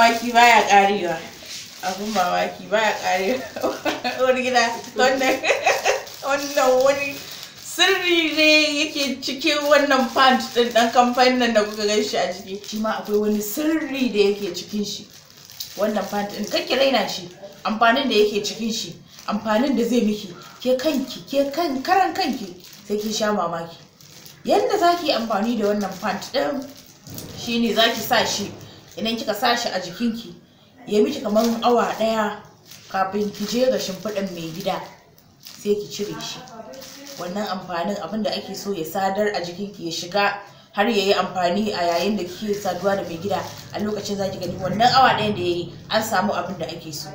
Mamaki baya karewa. Abun mamaki baya karewa. Wani gida wannan wannan wani sirri ne yake cikin wannan pant din dan kamfanin nan da kuka gan shi a ciki. Shi ma akwai wani sirri da yake cikin shi. Wannan pant din kake raina shi. Amfanin da yake cikin shi. Amfanin da zai miki. Ke kanki, ke kan karan kanki sai ki sha mamaki. Yanda zaki amfani da wannan pant ne za zaki sa shi idan kika sashi a jikinki ya miki kamar awa daya kafin ki je ga shimfiɗan mai gida sai ki cire shi wannan amfanin abinda ake so ya sadar a jikinki ya shiga har ya yi amfani a yayin da kike saduwa da mai gida a lokacin zaki gani wannan awa daya da ya yi an samu abin da ake so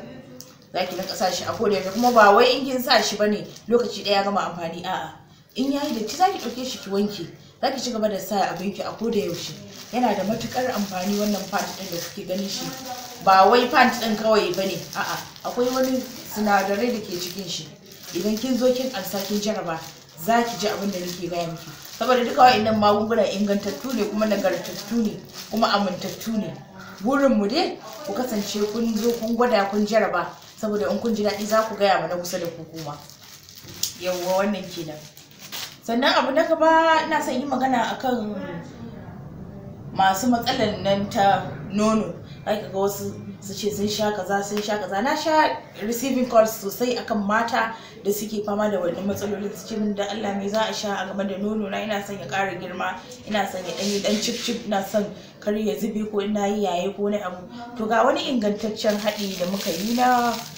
zaki rinka sa shi a koda kuma ba wai in kin sa shi bane lokaci ɗaya gama amfani a'a in yayi datti zaki ɗauke shi ki wanke zaki ci gaba da sa abin ki a koda yaushe yana da matukar amfani wannan fat ɗin da kuke ganin shi ba wai fat ɗin kawai bane a'a akwai wani sinadarai da ke cikin shi idan kin zo kin ansa kin jaraba zaki ji abin da nake gaya miki saboda duka wa'annan magunguna ingantattu ne kuma nagartattu ne kuma amintattu ne burin mu dai ku kasance kun zo kun gwada kun jaraba saboda in kun ji daɗi za ku gaya mana kusa da ku kuma yawwa wannan kenan sannan abu na gaba ina son yi magana akan masu matsalar nan ta nono zaka ga wasu su ce sun sha kaza sun sha kaza na sha receiving calls sosai akan mata da suke fama da wannan matsalolin su ce min da Allah me za a sha a game da nono na ina son ya ƙara girma ina son ya ɗanyi ɗan cip cip ina son kar ya zube ko ina yi yaye ko wani abu to ga wani ingantaccen haɗi da muka yi na